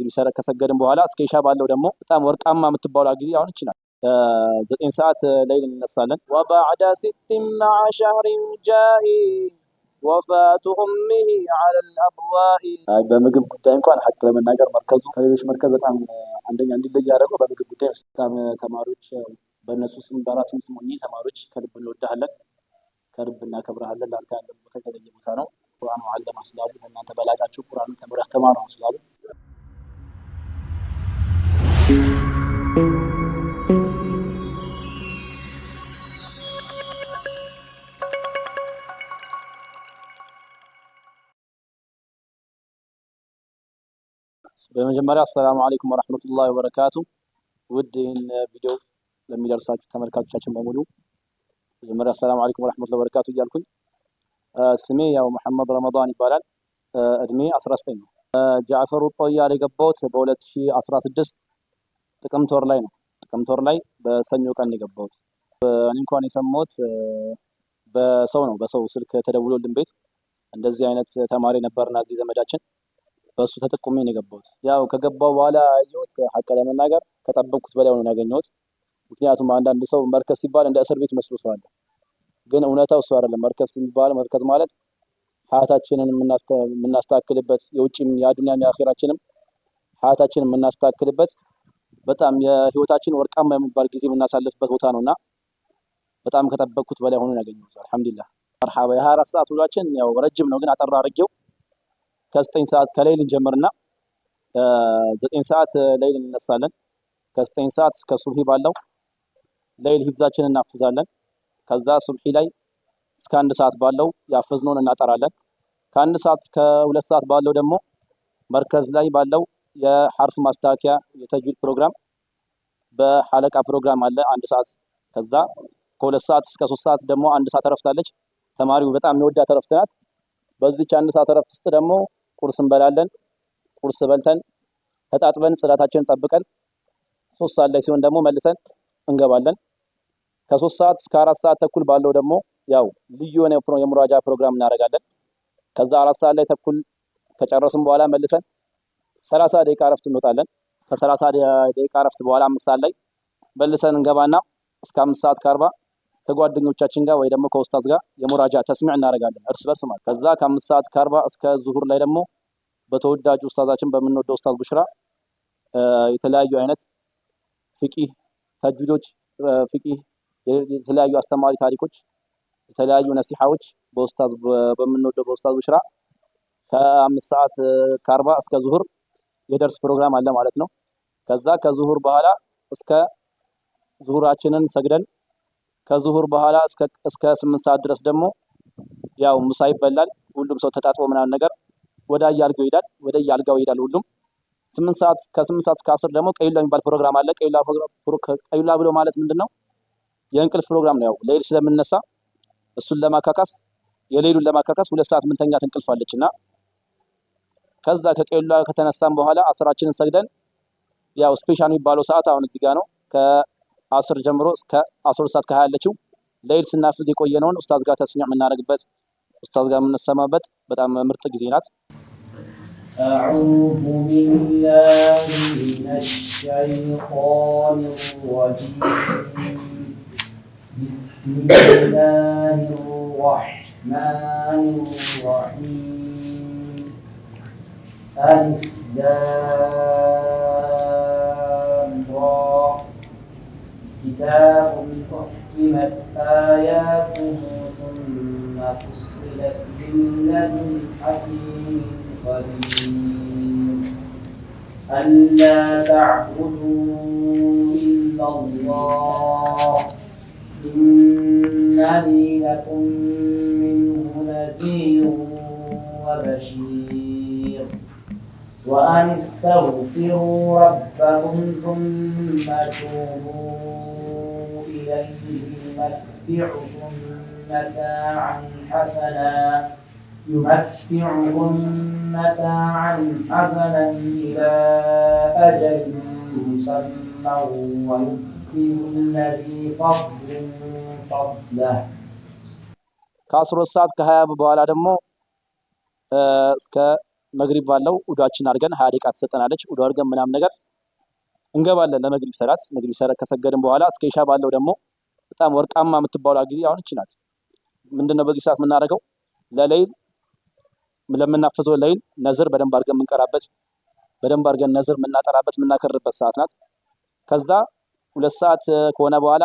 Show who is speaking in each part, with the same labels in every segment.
Speaker 1: መግሪብ ሰረ ከሰገድን በኋላ እስከ ኢሻ ባለው ደግሞ በጣም ወርቃማ የምትባለው ጊዜ አሁን ይችላል። ዘጠኝ ሰዓት ላይ
Speaker 2: እንነሳለን። ወባዕደ ሲቲን መዐ ሸህሪን ጃኢ ወፋቱ ኡሚሂ ዐለል አብዋኢ።
Speaker 1: በምግብ ጉዳይ እንኳን ሐቅ ለመናገር መርከዙ ከሌሎች መርከዝ በጣም አንደኛ እንዲለይ ያደረገው በምግብ ጉዳይ በጣም ተማሪዎች በእነሱ ስም በራስም ስም ሆኜ ተማሪዎች ከልብ እንወዳሃለን፣ ከልብ እናከብረሃለን። ለአንተ ያለ ቦታ የተለየ ቦታ ነው። ቁርአን ዓለም ስላሉ እናንተ በላጫችሁ ቁርአኑ ተምረህ ተማር ስላሉ በመጀመሪያ አሰላሙ አለይኩም ወራህመቱላሂ ወበረካቱ። ውድ ይህን ቪዲዮ ለሚደርሳችሁ ተመልካቾቻችን በሙሉ መጀመሪያ አሰላሙ አለይኩም ወራህመቱላሂ ወበረካቱ እያልኩኝ ስሜ ያው መሐመድ ረመዳን ይባላል። እድሜ 19 ነው። ጃዕፈሩ ጦያር የገባሁት በ2016 ጥቅምት ወር ላይ ነው። ጥቅምት ወር ላይ በሰኞ ቀን የገባሁት። እኔ እንኳን የሰማሁት በሰው ነው፣ በሰው ስልክ ተደውሎልን ቤት እንደዚህ አይነት ተማሪ ነበርና እዚህ ዘመዳችን በእሱ ተጠቁሜ ነው የገባሁት። ያው ከገባው በኋላ ያየሁት ሀቅ ለመናገር ከጠበቅኩት በላይ ሆኖ ያገኘሁት። ምክንያቱም አንዳንድ ሰው መርከዝ ሲባል እንደ እስር ቤት መስሎ ሰዋለ፣ ግን እውነታው እሱ አይደለም። መርከዝ የሚባል መርከዝ ማለት ሀያታችንን የምናስተካክልበት የውጭም የአዱኒያም የአኼራችንም ሀያታችንን የምናስተካክልበት በጣም የህይወታችን ወርቃማ የሚባል ጊዜ የምናሳልፍበት ቦታ ነውና በጣም ከጠበቅኩት በላይ ሆኖ ያገኘሁት አልሐምዱሊላህ። መርሐባ የ24 ሰዓት ውሏችን ያው ረጅም ነው፣ ግን አጠር አድርጌው ከ9 ሰዓት ከሌሊት እንጀምርና 9 ሰዓት ሌሊት እንነሳለን። ከ9 ሰዓት እስከ ሱብሂ ባለው ሌሊት ሂብዛችን እናፍዛለን። ከዛ ሱብሂ ላይ እስከ አንድ ሰዓት ባለው ያፈዝነውን እናጠራለን። ከአንድ ሰዓት እስከ ሁለት ሰዓት ባለው ደግሞ መርከዝ ላይ ባለው የሐርፍ ማስተካከያ የተጅዊድ ፕሮግራም በሐለቃ ፕሮግራም አለ አንድ ሰዓት። ከዛ ከሁለት ሰዓት እስከ ሶስት ሰዓት ደግሞ አንድ ሰዓት ተረፍታለች። ተማሪው በጣም የሚወዳ እረፍት ናት። በዚች አንድ ሰዓት ተረፍት ውስጥ ደግሞ ቁርስ እንበላለን። ቁርስ በልተን ተጣጥበን ጽዳታችንን ጠብቀን ሶስት ሰዓት ላይ ሲሆን ደግሞ መልሰን እንገባለን። ከሶስት ሰዓት እስከ አራት ሰዓት ተኩል ባለው ደግሞ ያው ልዩ የሆነ የሙራጃ ፕሮግራም እናደርጋለን። ከዛ አራት ሰዓት ላይ ተኩል ከጨረሱም በኋላ መልሰን ሰላሳ ደቂቃ እረፍት እንወጣለን። ከሰላሳ ደቂቃ እረፍት በኋላ አምስት ሰዓት ላይ መልሰን እንገባና እስከ አምስት ሰዓት ከአርባ ከጓደኞቻችን ጋር ወይ ደግሞ ከውስታዝ ጋር የሙራጃ ተስሚዕ እናደርጋለን እርስ በርስ ማለት። ከዛ ከአምስት ሰዓት ከአርባ እስከ ዙሁር ላይ ደግሞ በተወዳጁ ውስታዛችን በምንወደው ውስታዝ ቡሽራ የተለያዩ አይነት ፍቂህ ተጅዊዶች፣ ፍቂህ የተለያዩ አስተማሪ ታሪኮች፣ የተለያዩ ነሲሐዎች በውስታዝ በምንወደው በውስታዝ ቡሽራ ከአምስት ሰዓት ከአርባ እስከ ዙሁር የደርስ ፕሮግራም አለ ማለት ነው። ከዛ ከዙሁር በኋላ እስከ ዙሁራችንን ሰግደን ከዙሁር በኋላ እስከ እስከ 8 ሰዓት ድረስ ደግሞ ያው ምሳ ይበላል። ሁሉም ሰው ተጣጥቦ ምናምን ነገር ወደ አልጋው ይሄዳል። ወደ አልጋው ይሄዳል ሁሉም 8 ሰዓት ከ ሰዓት እስከ 10 ደግሞ ቀይላ የሚባል ፕሮግራም አለ። ቀይላ ቀይላ ብሎ ማለት ምንድነው? የእንቅልፍ ፕሮግራም ነው። ያው ሌሊት ስለምንነሳ እሱን ለማካካስ የሌሉን ለማካካስ ሁለት ሰዓት ምንተኛ እንቅልፍ አለችና ከዛ ከቄላ ከተነሳን በኋላ አስራችንን ሰግደን ያው ስፔሻል የሚባለው ሰዓት አሁን እዚህ ጋር ነው። ከአስር ጀምሮ እስከ 12 ሰዓት ከሀያ ያለችው ለይል ስናፍዝ የቆየነውን ኡስታዝ ጋር ተስሚዕ የምናደርግበት ኡስታዝ ጋር የምንሰማበት በጣም ምርጥ ጊዜ ናት። أعوذ بالله من الشيطان الرجيم بسم الله الرحمن الرحيم ألف دال را كتاب أحكمت آياته ثم فصلت من حكيم خبير ألا تعبدوا إلا الله إنني لكم منه نذير وبشير وأن استغفروا ربكم ثم توبوا إليه يمتعكم متاعا حسنا يمتعكم متاعا حسنا إلى أجل مسمى ويؤتي الذي فضل فضله ከአስር ሰዓት ከሀያ በኋላ ደግሞ እስከ መግሪብ ባለው ኡዷችን አድርገን ሀያ ደቂቃ ትሰጠናለች። ኡዶ አድርገን ምናምን ነገር እንገባለን ለመግሪብ ሰላት። መግሪብ ሰላት ከሰገድን በኋላ እስከ ኢሻ ባለው ደግሞ በጣም ወርቃማ የምትባሏ ጊዜ አሁን እቺ ናት። ምንድነው በዚህ ሰዓት የምናደርገው? ለለይል ለምናፈዘው ለይል ነዝር በደንብ አድርገን የምንቀራበት በደንብ አድርገን ነዝር የምናጠራበት የምናከርበት ሰዓት ናት። ከዛ ሁለት ሰዓት ከሆነ በኋላ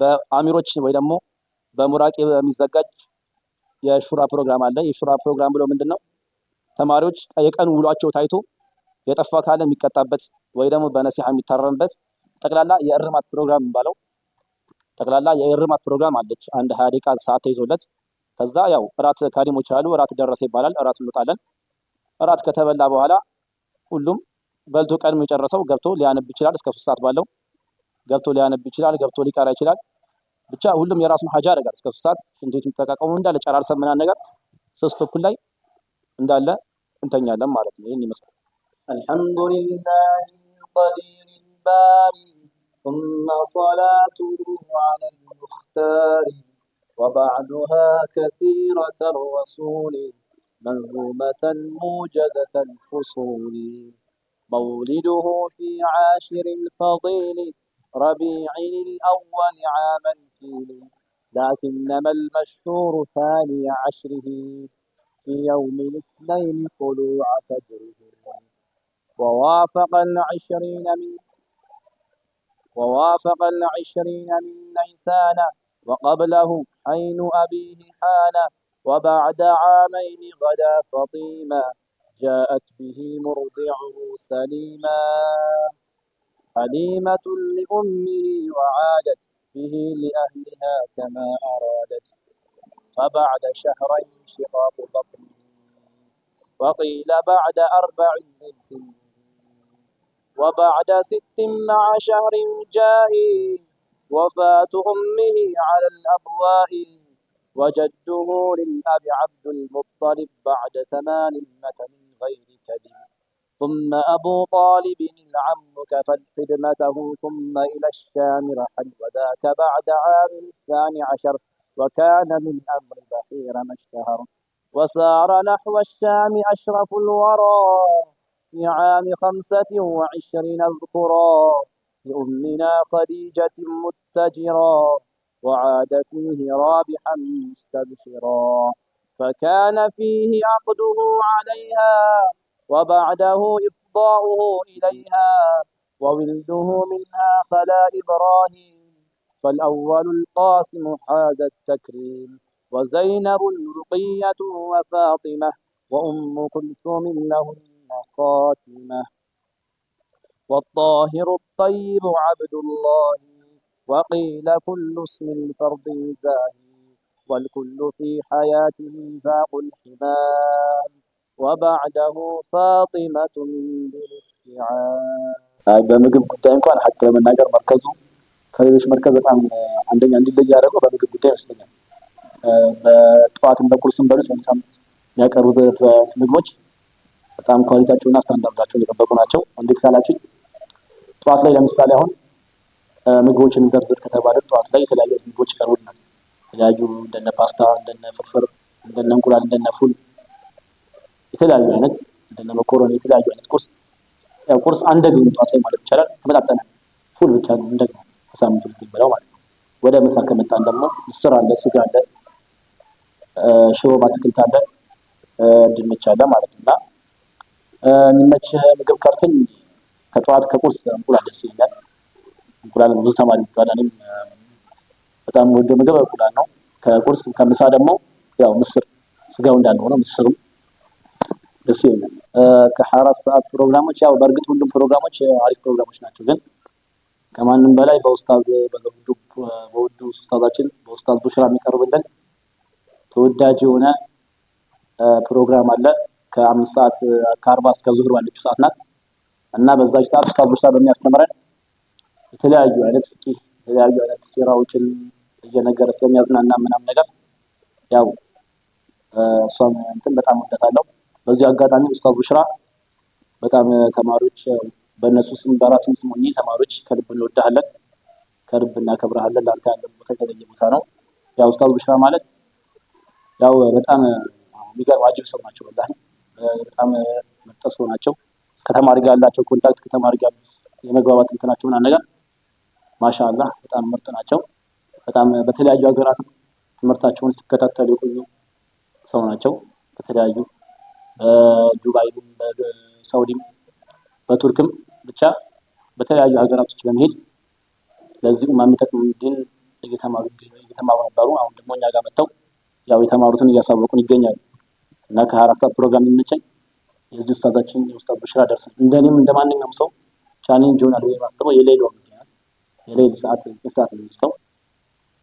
Speaker 1: በአሚሮች ወይ ደግሞ በሙራቂ የሚዘጋጅ የሹራ ፕሮግራም አለ። የሹራ ፕሮግራም ብሎ ምንድነው ተማሪዎች የቀን ውሏቸው ታይቶ የጠፋ ካለ የሚቀጣበት ወይ ደግሞ በነሲሐ የሚታረምበት ጠቅላላ የእርማት ፕሮግራም የሚባለው ጠቅላላ የእርማት ፕሮግራም አለች። አንድ ሀያ ደቂቃ ሰዓት ተይዞለት ከዛ ያው እራት ካዲሞች አሉ። እራት ደረሰ ይባላል። እራት እንወጣለን። እራት ከተበላ በኋላ ሁሉም በልቶ ቀን የጨረሰው ገብቶ ሊያነብ ይችላል። እስከ ሶስት ሰዓት ባለው ገብቶ ሊያነብ ይችላል። ገብቶ ሊቀራ ይችላል። ብቻ ሁሉም የራሱን ሀጃ ያደርጋል። እስከ ሶስት ሰዓት ሽንት ቤት የሚጠቃቀሙ እንዳለ ጨራርሰን ምናምን ነገር ሶስት ተኩል ላይ እንዳለ እንተኛለን على اثنين ይህን
Speaker 2: الحمد لله القدير الباري ثم صلاته على المختار وبعدها كثيرة الرسول منظومة موجزة الفصول مولده في عاشر الفضيل ربيع الأول عام الفيل لكنما المشهور ثاني عشره في يوم الاثنين طلوع فجره ووافق العشرين من ووافق العشرين من نيسان وقبله عين أبيه حان وبعد عامين غدا فطيما جاءت به مرضعه سليما حليمة لأمه وعادت به لأهلها كما أرادت وبعد شهرين شقاق بطنه وقيل بعد أربع لبس وبعد ست مع شهر جائي وفاة أمه على الأبواء وجده للأب عبد المطلب بعد ثمان ثمانمة من غير كذب ثم أبو طالب العم كفل خدمته ثم إلى الشام رحل وذاك بعد عام الثاني عشر وكان من أمر بحير ما اشتهر وسار نحو الشام أشرف الورى في عام خمسة وعشرين اذكرا لأمنا خديجة متجرا وعاد فيه رابحا مستبشرا فكان فيه عقده عليها وبعده إفضاؤه إليها وولده منها خلا إبراهيم فالأول القاسم حاز التكريم وزينب الرقية وفاطمة وأم كلثوم لهن خاتمة والطاهر الطيب عبد الله وقيل كل اسم الفرد زاهي والكل في حياته فاق الحمام وبعده فاطمة
Speaker 1: بالاستيعاب هذا مجم كنت انكم حتى من نجر مركزه ከሌሎች መርከብ በጣም አንደኛ እንዲለይ ያደረገው በምግብ ጉዳይ ይመስለኛል። በጠዋትም በቁርስም በሉት በምሳም ያቀርቡት ምግቦች በጣም ኳሊቲያቸውና ስታንዳርዳቸውን የጠበቁ ናቸው። እንዴት ካላችን ጠዋት ላይ ለምሳሌ አሁን ምግቦችን እንደርድር ከተባለ ጠዋት ላይ የተለያዩ ምግቦች ይቀርቡልናል። የተለያዩ እንደነ ፓስታ፣ እንደነ ፍርፍር፣ እንደነ እንቁላል፣ እንደነ ፉል የተለያዩ አይነት እንደነ መኮረኒ የተለያዩ አይነት ቁርስ ያው ቁርስ አንደግም ጠዋት ላይ ማለት ይቻላል ተመጣጠነ ፉል ብቻ ነው እንደግም ሳምንት ውስጥ የሚበላው ማለት ነው። ወደ ምሳ ከመጣን ደግሞ ምስር አለ፣ ስጋ አለ፣ ሽሮ በአትክልት አለ፣ ድንች አለ ማለት ነው እና የሚመችህ ምግብ ካልከኝ ከጠዋት ከቁርስ እንቁላል ደስ ይለኛል። እንቁላል ብዙ ተማሪ ይባላል። እኔም በጣም ወደ ምግብ እንቁላል ነው። ከቁርስ ከምሳ ደግሞ ያው ምስር ስጋው እንዳለ ሆኖ ምስርም ደስ ይለኛል። ከአራት ሰዓት ፕሮግራሞች ያው በእርግጥ ሁሉም ፕሮግራሞች አሪፍ ፕሮግራሞች ናቸው ግን ከማንም በላይ በኡስታዝ በውዱ በውዱ ኡስታዛችን በኡስታዝ ቡሽራ የሚቀርብልን ተወዳጅ የሆነ ፕሮግራም አለ። ከአምስት ሰዓት ከአርባ እስከ ዙህር ባለችው ሰዓት ናት እና በዛች ሰዓት ኡስታዝ ቡሽራ በሚያስተምረን የተለያዩ አይነት ፍቂህ የተለያዩ አይነት ሴራዎችን እየነገረ ስለሚያዝናና ምናምን ነገር ያው እሷም እንትን በጣም ወዳታለሁ። በዚህ አጋጣሚ ኡስታዝ ቡሽራ በጣም ተማሪዎች በእነሱ ስም በራስም ስም ሆኜ ተማሪዎች ከልብ እንወዳሃለን፣ ከልብ እናከብረሃለን። ለአንተ ያለን ቦታ የተለየ ቦታ ነው። ያው ኡስታዝ ብሽራ ማለት ያው በጣም የሚገርም አጅብ ሰው ናቸው። ወላሂ በጣም መጠ ሰው ናቸው። ከተማሪ ጋር ያላቸው ኮንታክት፣ ከተማሪ ጋር የመግባባት እንትናቸው ምናምን ነገር ማሻአላህ በጣም ምርጥ ናቸው። በጣም በተለያዩ ሀገራት ትምህርታቸውን ሲከታተሉ የቆዩ ሰው ናቸው። በተለያዩ በዱባይም፣ በሳውዲም፣ በቱርክም ብቻ በተለያዩ ሀገራቶች በመሄድ ለዚህ ኡማ የሚጠቅም ዲን እየተማሩ እየተማሩ ነበሩ። አሁን ደግሞ እኛ ጋር መጥተው ያው የተማሩትን እያሳወቁን ይገኛሉ። እና ከአራት ፕሮግራም የሚመቸኝ የዚህ ኡስታዛችን የኡስታዝ ብሽራ ደርሰን እንደኔም እንደ ማንኛውም ሰው ቻሌንጅ ይሆናል ወይ ማስበው የሌሎ ምክንያት የሌል ሰዓት ሰዓት የሚሰው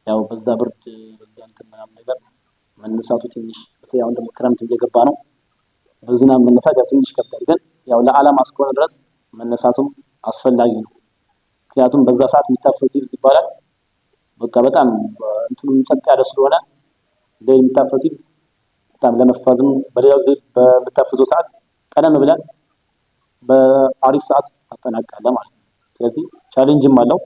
Speaker 1: ያው በዛ ብርድ በዛ እንትን ምናምን ነገር መነሳቱ ትንሽ በተለይ አሁን ደግሞ ክረምት እየገባ ነው። በዝናብ መነሳት ያው ትንሽ ከብዳል። ግን ያው ለዓላማ እስከሆነ ድረስ መነሳቱም አስፈላጊ ነው። ምክንያቱም በዛ ሰዓት የሚታፈስ ይልቅ ይባላል በቃ በጣም እንትኑ ጸጥ ያለ ስለሆነ ሌሊት የሚታፈስ ይልቅ በጣም ለመፋዝም በሌላው ጊዜ በምታፍዘው ሰዓት ቀደም ብለን በአሪፍ ሰዓት አጠናቃለ ማለት ነው። ስለዚህ ቻሌንጅም አለው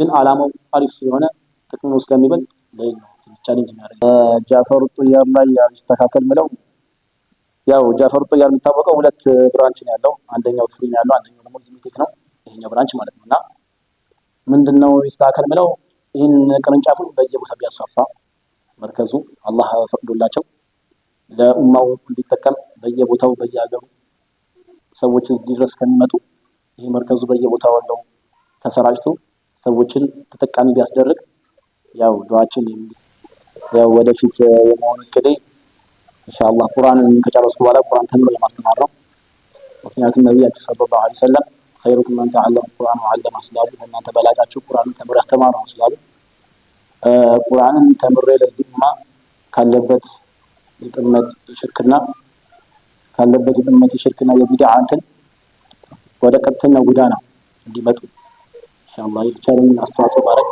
Speaker 1: ግን አላማው አሪፍ ስለሆነ ጥቅሙ ስለሚበልጥ ሌሊት ነው ቻሌንጅ የሚያደርግ ጃፈር ጥያቄ ላይ ያስተካከል ምለው ያው ጃፈር ጦያር የሚታወቀው ሁለት ብራንች ነው ያለው። አንደኛው ክፍሪ ነው ያለው፣ አንደኛው ደግሞ ዝምቴክ ነው፣ ይሄኛው ብራንች ማለት ነው። እና ምንድነው ይስተካከል ምለው ይህን ቅርንጫፉን በየቦታ ቢያስፋፋ መርከዙ አላህ ፈቅዶላቸው ለኡማው እንዲጠቀም በየቦታው በየሀገሩ ሰዎች እዚህ ድረስ ከሚመጡ ይህ መርከዙ በየቦታው ያለው ተሰራጭቶ ሰዎችን ተጠቃሚ ቢያስደርግ ያው ዱዓችን ያው ወደፊት የመሆኑ እቅዴ ኢንሻአላህ ቁርአንን ከጨረስኩ በኋላ ቁርአን ተምሮ ለማስተማር ነው። ምክንያቱም ነቢያችን ሰለላሁ ዐለይሂ ወሰለም ኸይሩኩም መን ተዓለመ ቁርአን ወዐለመ ስላሉ እናንተ በላጫችሁ ቁርአንን ተምሮ ያስተማረ ነው ስላሉ ቁርአንን ተምሬ ለዚህ ካለበት የጥመት ሽርክና ካለበት የጥመት ሽርክና የቢድዓ እንትን ወደ ቀጥተኛው ጎዳና እንዲመጡ ኢንሻአላህ የተቻለንን አስተዋጽኦ ማድረግ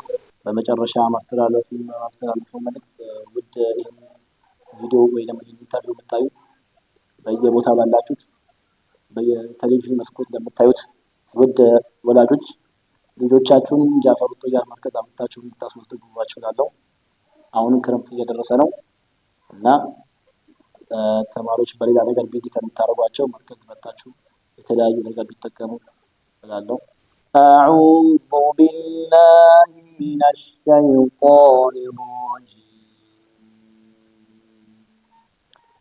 Speaker 1: በመጨረሻ ማስተላለፍ ማስተላለፍ መልእክት ውድ ቪዲዮ ወይ ደግሞ ኢንተርቪው የምታዩ በየቦታ ባላችሁት በየቴሌቪዥን መስኮት እንደምታዩት ውድ ወላጆች ልጆቻችሁን ጃፈር ውስጥ ቶጃር ማርቀዝ አምጥታችሁ እንድታስመዘግቧቸው ላለው አሁንም ክረምት እየደረሰ ነው እና ተማሪዎች በሌላ ነገር ቢዚ ከምታደርጓቸው መርከዝ መጣችሁ የተለያዩ ነገር ቢጠቀሙ
Speaker 2: እላለሁ። አዑዙ ቢላሂ ሚነ ሸይጣን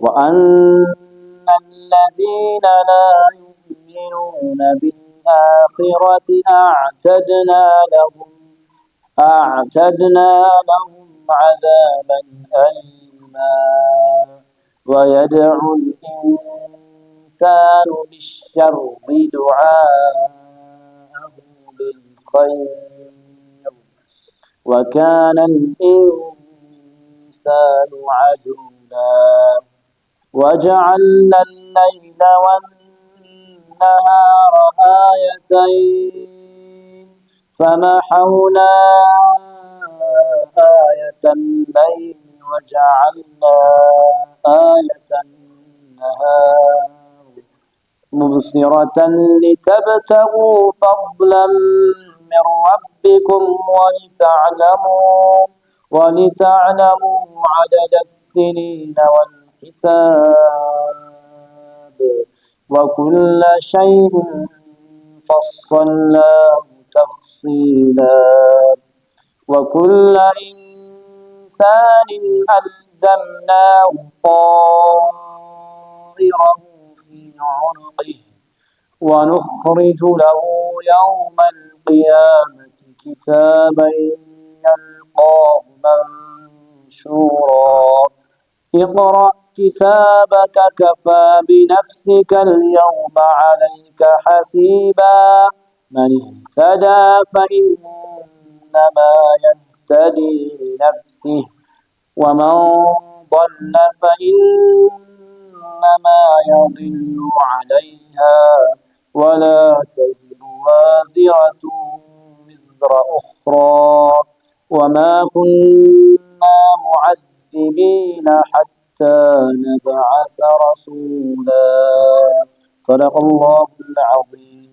Speaker 2: وأن الذين لا يؤمنون بالآخرة أعتدنا لهم أعتدنا لهم عذابا أليما ويدعو الإنسان بالشر دعاءه بالخير وكان الإنسان عجولا وجعلنا الليل والنهار آيتين فمحونا آية الليل وجعلنا آية النهار مبصرة لتبتغوا فضلا من ربكم ولتعلموا ولتعلموا عدد السنين والنهار الحساب وكل شيء فصلناه تفصيلا وكل إنسان ألزمناه طائره في عنقه ونخرج له يوم القيامة كتابا يلقاه منشورا اقرأ كتابك كفى بنفسك اليوم عليك حسيبا من اهتدى فإنما يهتدي لنفسه ومن ضل فإنما يضل عليها ولا تزر وازرة وزر أخرى وما كنا معذبين حتى نبعث رسولا صدق الله العظيم